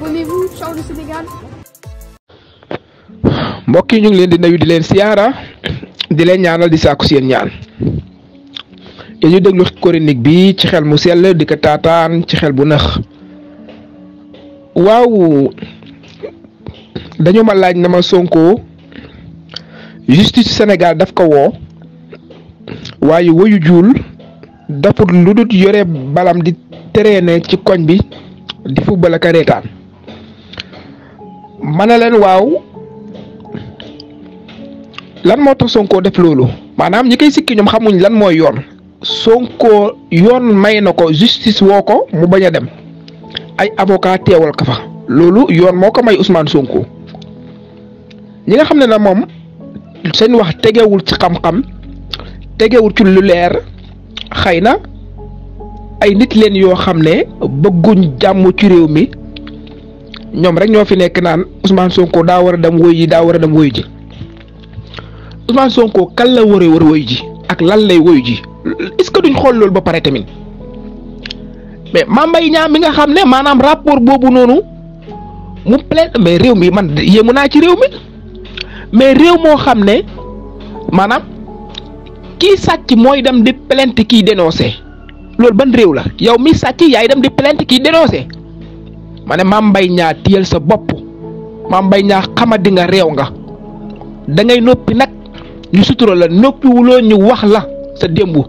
abonnez-vous ciao le mbokk yi ñu ngi leen di nuyu di leen siyaara di leen ñaanal di sàkku seen ñaan yéen ñu déglu chronique bi ci xel mu sell di ko taataan ci xel bu nax waaw dañu ma laaj na ma Sonko justice Sénégal daf ko woo waaye woyu juul dafut lu dul yore balam di traîner ci koñ bi di football ak reetaan ma ne leen waaw lan moo tax Sonko def loolu maanaam ñi koy sikki ñoom xamuñ lan mooy yoon sonkoo yoon may na ko justice woo ko mu bañ a dem ay avocat teewal ka fa loolu yoon moo ko may Ousmane Sonko ñi nga xam ne na moom seen wax tegewul ci xam-xam tegewul ci lu leer xëy na ay nit leen yoo xam ne bëgguñ jàmm ci réew mi ñoom rek ñoo fi nekk naan Ousmane sonkoo daa war a dem woy ji daa war a dem woy ji Ousmane Sonko kan la war a war woy ji ak lan lay woyu ji est-ce que duñ xool loolu ba pare tamit mais Mame Mbaye Niang mi nga xam ne maanaam rapport boobu noonu mu plaide mais réew mi man yéemu naa ci réew mi mais réew moo xam ne maanaam kii sàcc mooy dem di plainte kii dénoncé loolu ban réew la yow mi sàcc yaay dem di plainte kii dénoncé mané mam bay mbay ñaa sa bop mam bay mbay xama di nga rew nga da ngay nopi nak ñu sutura la noppi wuloo ñu wax la sa dembu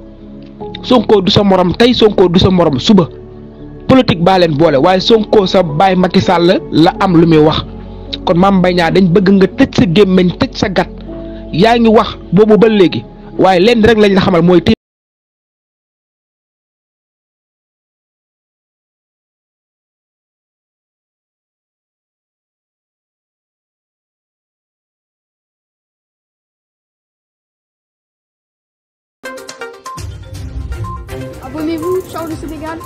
sonko du sa morom tay sonko du sa morom suba politique ba len bolé waye sonko sa bay Macky Sall la am lu mi wax kon mam bay den dañ bëgg nga tecc sa gemmeñ tecc sa gat yaangi wax bobu ba waye len rek lañ la xamal moy Abonnez-vous, ciao le Sénégal